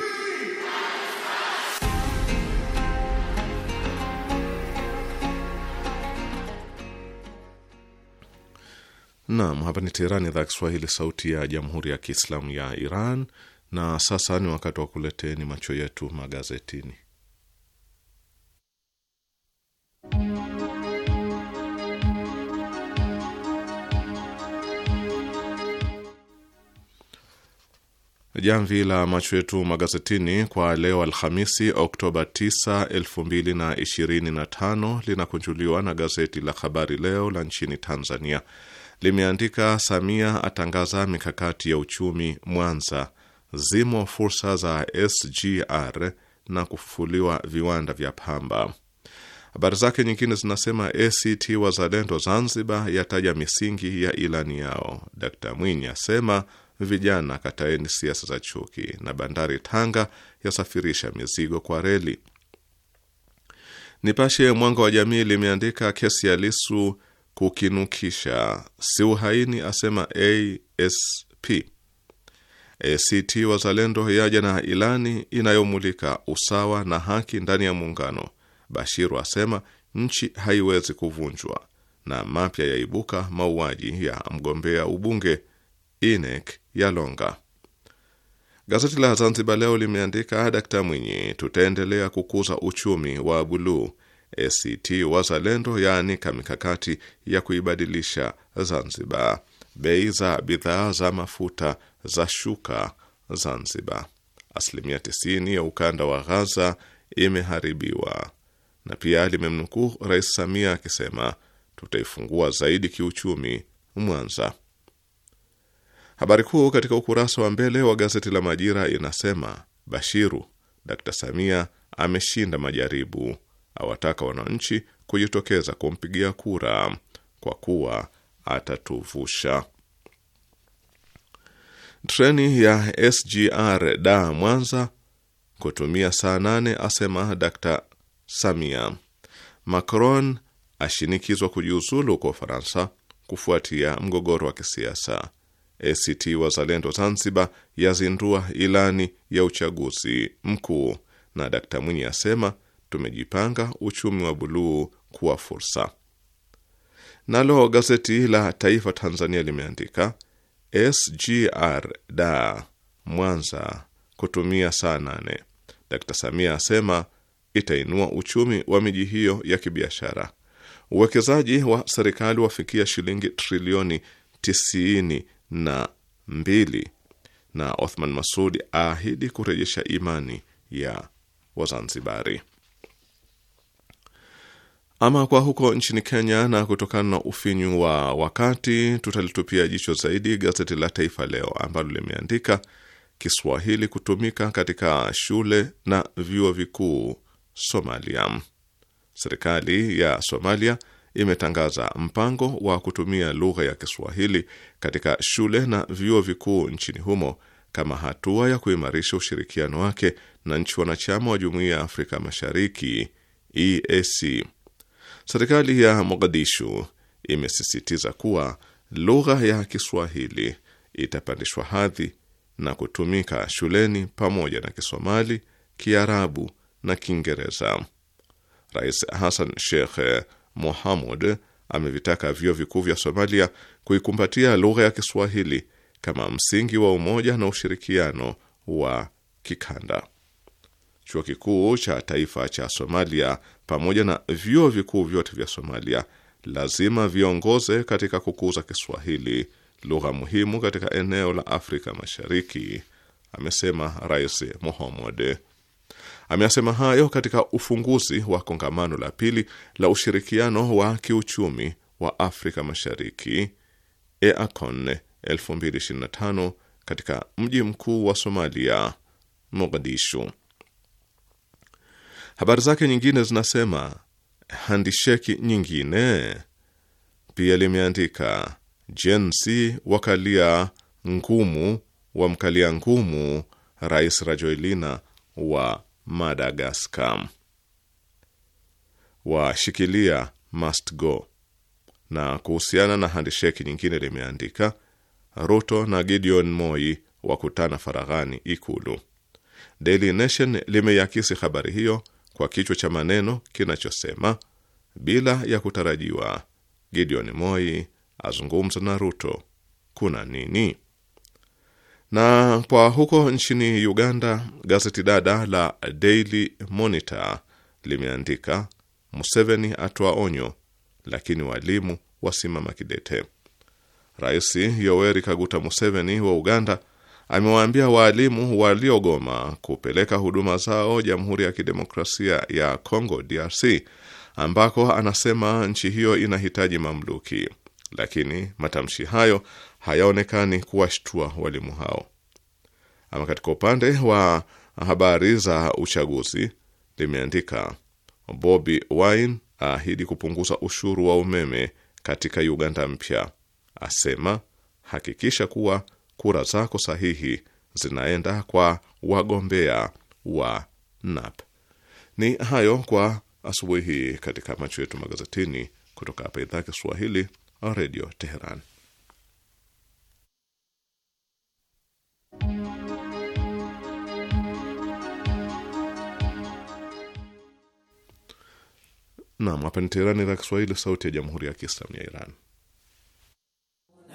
Naam, hapa ni Teherani, idhaa ya Kiswahili, sauti ya jamhuri ya kiislamu ya Iran. Na sasa ni wakati wa kuleteni macho yetu magazetini. Jamvi la macho yetu magazetini kwa leo Alhamisi, Oktoba 9, 2025 linakunjuliwa na gazeti la Habari Leo la nchini Tanzania. Limeandika Samia atangaza mikakati ya uchumi Mwanza, zimo fursa za SGR na kufufuliwa viwanda vya pamba. Habari zake nyingine zinasema ACT Wazalendo Zanzibar yataja misingi ya ilani yao. Dkt Mwinyi asema vijana kataeni siasa za chuki, na bandari Tanga yasafirisha mizigo kwa reli. Nipashe Mwanga wa Jamii limeandika kesi ya Lisu kukinukisha, si uhaini asema ASP. ACT Wazalendo yaja na ilani inayomulika usawa na haki ndani ya muungano. Bashiru asema nchi haiwezi kuvunjwa, na mapya yaibuka mauaji ya mgombea ubunge INEC yalonga Gazeti la Zanzibar Leo limeandika Dkt Mwinyi, tutaendelea kukuza uchumi wa buluu. ACT Wazalendo yaanika mikakati ya kuibadilisha Zanzibar. Bei za bidhaa za mafuta za shuka Zanzibar. Asilimia tisini ya ukanda wa Ghaza imeharibiwa. Na pia limemnukuu Rais Samia akisema tutaifungua zaidi kiuchumi Mwanza. Habari kuu katika ukurasa wa mbele wa gazeti la Majira inasema Bashiru, Dkt Samia ameshinda majaribu, awataka wananchi kujitokeza kumpigia kura kwa kuwa atatuvusha. Treni ya SGR da Mwanza kutumia saa nane, asema Dr. Samia. Macron ashinikizwa kujiuzulu kwa Ufaransa kufuatia mgogoro wa kisiasa. ACT Wazalendo Zanzibar yazindua ilani ya uchaguzi mkuu, na Dkt Mwinyi asema tumejipanga uchumi wa buluu kuwa fursa. Nalo gazeti la Taifa Tanzania limeandika SGR da Mwanza kutumia saa nane. Dkt Samia asema itainua uchumi wa miji hiyo ya kibiashara. Uwekezaji wa serikali wafikia shilingi trilioni tisini na mbili na Othman Masudi aahidi kurejesha imani ya Wazanzibari. Ama kwa huko nchini Kenya, na kutokana na ufinyu wa wakati, tutalitupia jicho zaidi gazeti la Taifa Leo ambalo limeandika Kiswahili kutumika katika shule na vyuo vikuu Somalia. Serikali ya Somalia imetangaza mpango wa kutumia lugha ya Kiswahili katika shule na vyuo vikuu nchini humo kama hatua ya kuimarisha ushirikiano wake na nchi wanachama wa Jumuiya ya Afrika Mashariki EAC. Serikali ya Mogadishu imesisitiza kuwa lugha ya Kiswahili itapandishwa hadhi na kutumika shuleni pamoja na Kisomali, Kiarabu na Kiingereza. Rais Hassan Sheikh Mohamud amevitaka vyuo vikuu vya Somalia kuikumbatia lugha ya Kiswahili kama msingi wa umoja na ushirikiano wa kikanda chuo kikuu cha taifa cha Somalia pamoja na vyuo vikuu vyote vya Somalia lazima viongoze katika kukuza Kiswahili, lugha muhimu katika eneo la Afrika Mashariki, amesema Rais Mohamud. Amesema hayo katika ufunguzi wa kongamano la pili la ushirikiano wa kiuchumi wa Afrika Mashariki EACON 2025 katika mji mkuu wa Somalia, Mogadishu. Habari zake nyingine zinasema handisheki nyingine pia limeandika jensi wakalia ngumu wamkalia ngumu Rais Rajoelina wa Madagaskar, washikilia must go. Na kuhusiana na handisheki nyingine limeandika Ruto na Gideon Moi wakutana faraghani Ikulu. Daily Nation limeyakisi habari hiyo kwa kichwa cha maneno kinachosema bila ya kutarajiwa, Gideon Moi azungumza na Ruto, kuna nini? Na kwa huko nchini Uganda, gazeti dada la Daily Monitor limeandika Museveni atoa onyo, lakini walimu wasimama kidete. Rais Yoweri Kaguta Museveni wa Uganda amewaambia waalimu waliogoma kupeleka huduma zao Jamhuri ya Kidemokrasia ya Kongo DRC ambako anasema nchi hiyo inahitaji mamluki, lakini matamshi hayo hayaonekani kuwashtua walimu hao. Ama katika upande wa habari za uchaguzi limeandika Bobi Wine aahidi kupunguza ushuru wa umeme katika Uganda mpya, asema hakikisha kuwa kura zako sahihi zinaenda kwa wagombea wa NAP. Ni hayo kwa asubuhi hii katika macho yetu magazetini kutoka hapa idhaa Kiswahili Redio Teheran. Nam, hapa ni Teherani, idhaa Kiswahili, sauti ya jamhuri ya kiislamu ya Iran.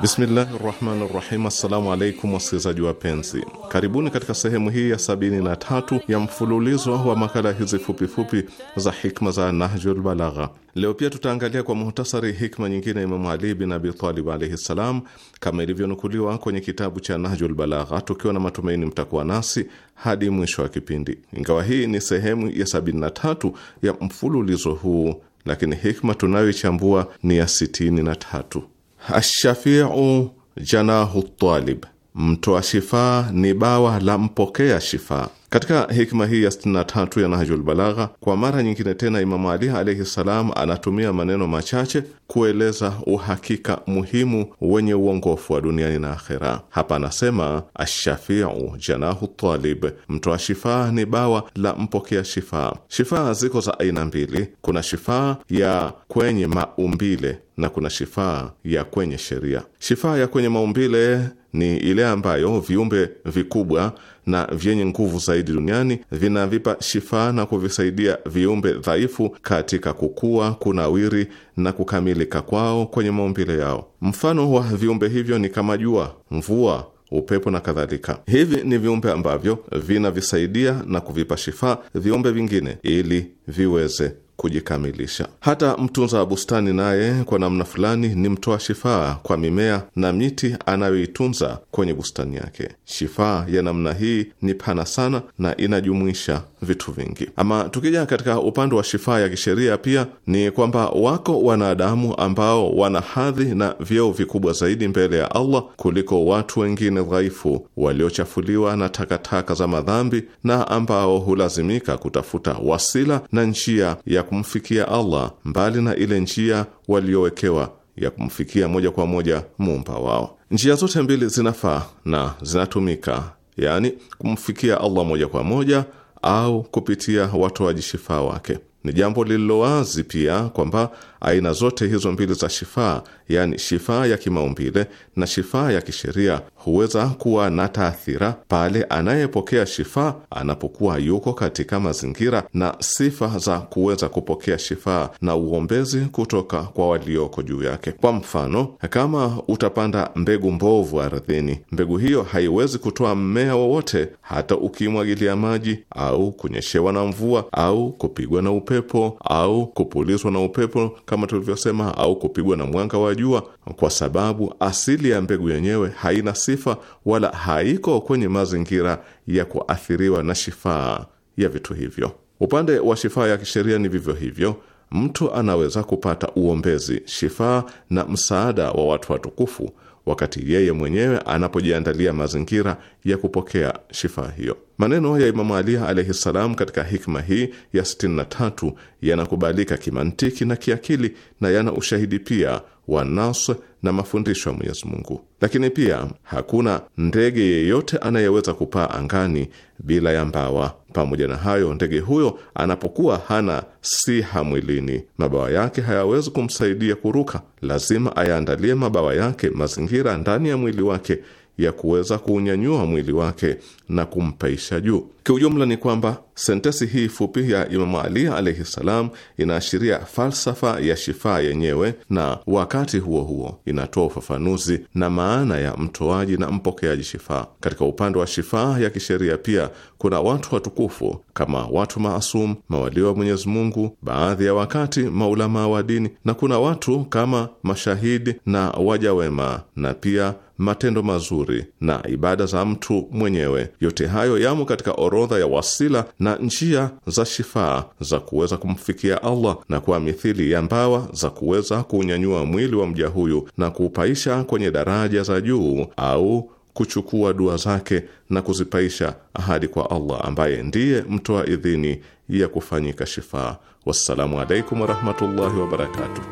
Bismillahi rahmani rahim. Assalamu alaikum wasikilizaji wapenzi, karibuni katika sehemu hii ya sabini na tatu ya mfululizo wa makala hizi fupifupi za hikma za Nahjul Balagha. Leo pia tutaangalia kwa muhtasari hikma nyingine ya Imamu Ali bin Abi Talib alaihi ssalam, kama ilivyonukuliwa kwenye kitabu cha Nahjul Balagha, tukiwa na matumaini mtakuwa nasi hadi mwisho wa kipindi. Ingawa hii ni sehemu ya sabini na tatu ya mfululizo huu, lakini hikma tunayoichambua ni ya sitini na tatu. Ashafiu janahu talib, mtoa shifaa ni bawa la mpokea shifaa. Katika hikma hii ya 63 ya Nahjul Balagha, kwa mara nyingine tena, Imamu Ali alaihi salam anatumia maneno machache kueleza uhakika muhimu wenye uongofu wa duniani na akhera. Hapa anasema ashafiu janahu talib, mtoa shifaa ni bawa la mpokea shifaa. Shifaa ziko za aina mbili, kuna shifaa ya kwenye maumbile na kuna shifaa ya kwenye sheria. Shifaa ya kwenye maumbile ni ile ambayo viumbe vikubwa na vyenye nguvu zaidi duniani vinavipa shifaa na kuvisaidia viumbe dhaifu katika kukua, kunawiri na kukamilika kwao kwenye maumbile yao. Mfano wa viumbe hivyo ni kama jua, mvua, upepo na kadhalika. Hivi ni viumbe ambavyo vinavisaidia na kuvipa shifaa viumbe vingine ili viweze kujikamilisha. Hata mtunza wa bustani naye kwa namna fulani ni mtoa shifaa kwa mimea na miti anayoitunza kwenye bustani yake. Shifaa ya namna hii ni pana sana na inajumuisha vitu vingi. Ama tukija katika upande wa shifaa ya kisheria, pia ni kwamba wako wanadamu ambao wana hadhi na vyeo vikubwa zaidi mbele ya Allah kuliko watu wengine dhaifu waliochafuliwa na takataka za madhambi na ambao hulazimika kutafuta wasila na njia ya kumfikia Allah mbali na ile njia waliowekewa ya kumfikia moja kwa moja muumba wao. Njia zote mbili zinafaa na zinatumika, yaani kumfikia Allah moja kwa moja au kupitia watoaji shifaa wake. Ni jambo lililowazi pia kwamba Aina zote hizo mbili za shifaa, yaani shifaa ya kimaumbile na shifaa ya kisheria, huweza kuwa na taathira pale anayepokea shifaa anapokuwa yuko katika mazingira na sifa za kuweza kupokea shifaa na uombezi kutoka kwa walioko juu yake. Kwa mfano, kama utapanda mbegu mbovu ardhini, mbegu hiyo haiwezi kutoa mmea wowote, hata ukimwagilia maji au kunyeshewa na mvua au kupigwa na upepo au kupulizwa na upepo kama tulivyosema, au kupigwa na mwanga wa jua, kwa sababu asili ya mbegu yenyewe haina sifa wala haiko kwenye mazingira ya kuathiriwa na shifaa ya vitu hivyo. Upande wa shifaa ya kisheria ni vivyo hivyo, mtu anaweza kupata uombezi, shifaa na msaada wa watu watukufu wakati yeye mwenyewe anapojiandalia mazingira ya kupokea shifa hiyo. Maneno ya Imamu Ali alaihi ssalam katika hikma hii ya 63 yanakubalika kimantiki na kiakili na yana ushahidi pia wa nas na mafundisho ya Mwenyezi Mungu. Lakini pia hakuna ndege yeyote anayeweza kupaa angani bila ya mbawa. Pamoja na hayo, ndege huyo anapokuwa hana siha mwilini, mabawa yake hayawezi kumsaidia kuruka. Lazima ayaandalie mabawa yake mazingira ndani ya mwili wake ya kuweza kuunyanyua mwili wake na kumpaisha juu. Kiujumla ni kwamba sentesi hii fupi ya Imamu Ali alaihi ssalam inaashiria falsafa ya shifaa yenyewe, na wakati huo huo inatoa ufafanuzi na maana ya mtoaji na mpokeaji shifaa. Katika upande wa shifaa ya kisheria pia kuna watu watukufu kama watu maasum, mawalio wa Mwenyezi Mungu, baadhi ya wakati maulamaa wa dini, na kuna watu kama mashahidi na waja wema, na pia matendo mazuri na ibada za mtu mwenyewe yote hayo yamo katika orodha ya wasila na njia za shifaa za kuweza kumfikia Allah na kwa mithili ya mbawa za kuweza kuunyanyua mwili wa mja huyu na kuupaisha kwenye daraja za juu au kuchukua dua zake na kuzipaisha ahadi kwa Allah ambaye ndiye mtoa idhini ya kufanyika shifaa. Wassalamu alaikum warahmatullahi wabarakatuh.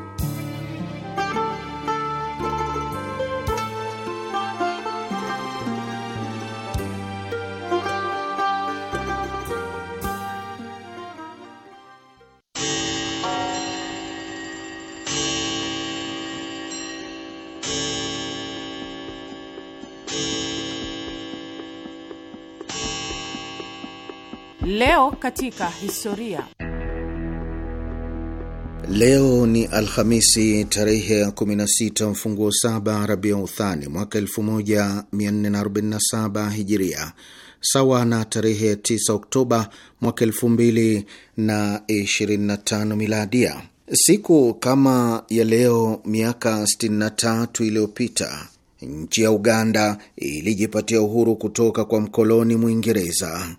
Leo katika historia. Leo ni Alhamisi tarehe 16 mfunguo saba Rabia Uthani mwaka 1447 Hijiria, sawa na tarehe 9 Oktoba mwaka 2025 Miladia. Siku kama ya leo miaka 63 iliyopita nchi ya Uganda ilijipatia uhuru kutoka kwa mkoloni Mwingereza.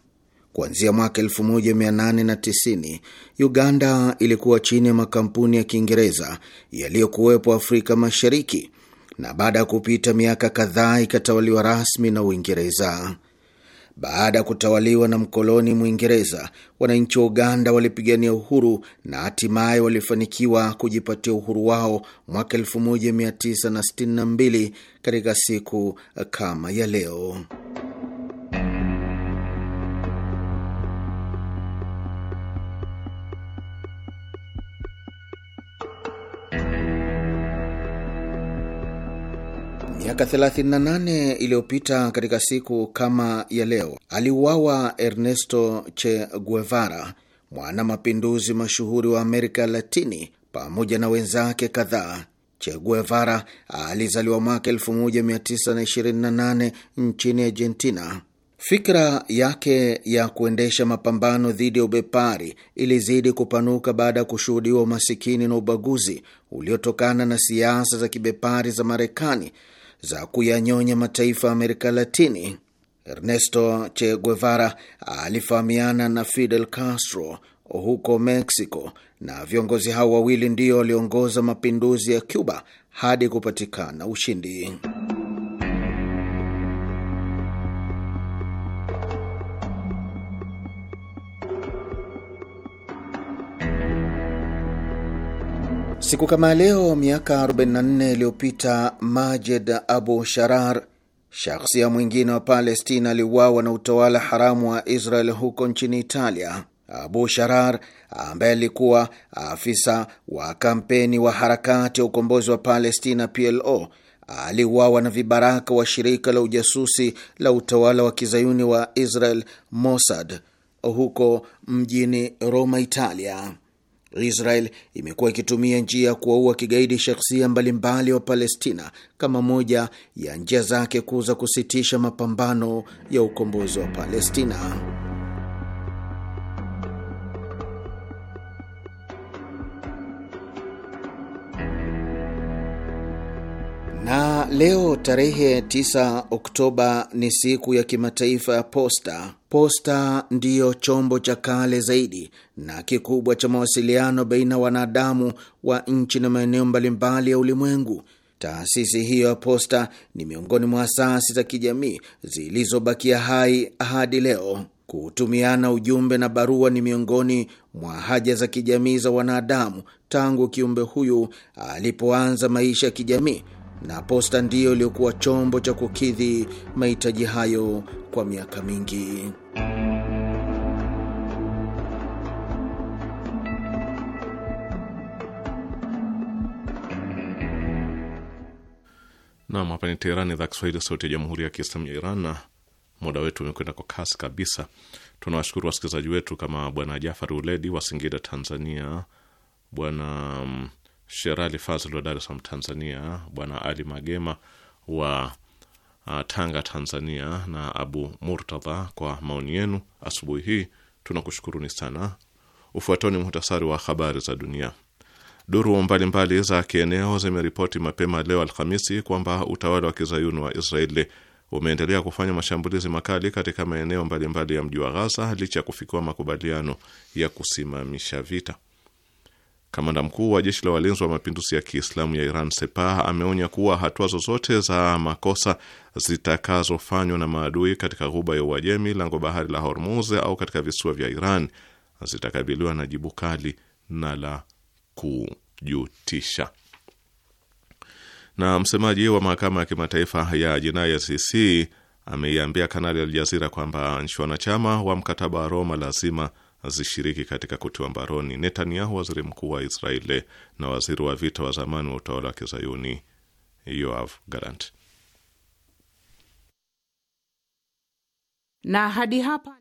Kuanzia mwaka 1890 Uganda ilikuwa chini ya makampuni ya Kiingereza yaliyokuwepo Afrika Mashariki, na baada ya kupita miaka kadhaa ikatawaliwa rasmi na Uingereza. Baada ya kutawaliwa na mkoloni Mwingereza, wananchi wa Uganda walipigania uhuru na hatimaye walifanikiwa kujipatia uhuru wao mwaka 1962 katika siku kama ya leo. Miaka 38 iliyopita katika siku kama ya leo aliuawa Ernesto Che Guevara, mwana mapinduzi mashuhuri wa Amerika Latini, pamoja na wenzake kadhaa. Che Guevara alizaliwa mwaka 1928 nchini Argentina. Fikra yake ya kuendesha mapambano dhidi ya ubepari ilizidi kupanuka baada ya kushuhudiwa umasikini na ubaguzi uliotokana na siasa za kibepari za Marekani za kuyanyonya mataifa ya Amerika Latini. Ernesto Che Guevara alifahamiana na Fidel Castro huko Mexico, na viongozi hao wawili ndio waliongoza mapinduzi ya Cuba hadi kupatikana ushindi. Siku kama leo miaka 44 iliyopita Majed Abu Sharar, shakhsia mwingine wa Palestina, aliuawa na utawala haramu wa Israel huko nchini Italia. Abu Sharar ambaye alikuwa afisa wa kampeni wa harakati ya ukombozi wa Palestina PLO aliuawa na vibaraka wa shirika la ujasusi la utawala wa kizayuni wa Israel Mossad huko mjini Roma, Italia. Israel imekuwa ikitumia njia ya kuwaua kigaidi shakhsia mbalimbali wa Palestina kama moja ya njia zake kuu za kusitisha mapambano ya ukombozi wa Palestina. leo tarehe 9 Oktoba ni siku ya kimataifa ya posta. Posta ndiyo chombo cha kale zaidi na kikubwa cha mawasiliano baina wanadamu wa nchi na maeneo mbalimbali ya ulimwengu. Taasisi hiyo ya posta ni miongoni mwa asasi za kijamii zilizobakia hai hadi leo. Kutumiana ujumbe na barua ni miongoni mwa haja za kijamii za wanadamu tangu kiumbe huyu alipoanza maisha ya kijamii na posta ndiyo iliyokuwa chombo cha kukidhi mahitaji hayo kwa miaka mingi. Nam, hapa ni Teheran, idhaa Kiswahili, sauti ya jamhuri ya kiislamu ya Iran, na muda wetu umekwenda kwa kasi kabisa. Tunawashukuru wasikilizaji wetu kama Bwana Jafari Uledi wa Singida, Tanzania, Bwana mm, Sherali Fazl wa Dar es Salaam, Tanzania, Bwana Ali Magema wa uh, Tanga, Tanzania, na Abu Murtadha kwa maoni yenu asubuhi hii. Tunakushukuruni sana. Ufuatao ni muhtasari wa habari za dunia. Duru mbalimbali mbali za kieneo zimeripoti mapema leo Alhamisi kwamba utawala wa kizayuni wa Israeli umeendelea kufanya mashambulizi makali katika maeneo mbalimbali mbali ya mji wa Ghaza licha ya kufikiwa makubaliano ya kusimamisha vita. Kamanda mkuu wa jeshi la walinzi wa mapinduzi ya Kiislamu ya Iran Sepah ameonya kuwa hatua zozote za makosa zitakazofanywa na maadui katika ghuba ya Uajemi, lango bahari la Hormuz au katika visiwa vya Iran zitakabiliwa na jibu kali na la kujutisha. Na msemaji wa mahakama ya kimataifa ya jinai ICC ameiambia kanali Aljazira kwamba nchi wanachama wa mkataba wa Roma lazima zishiriki katika kutiwa mbaroni Netanyahu, waziri mkuu wa Israeli, na waziri wa vita wa zamani wa utawala wa kizayuni Yoav Garant. Na hadi hapa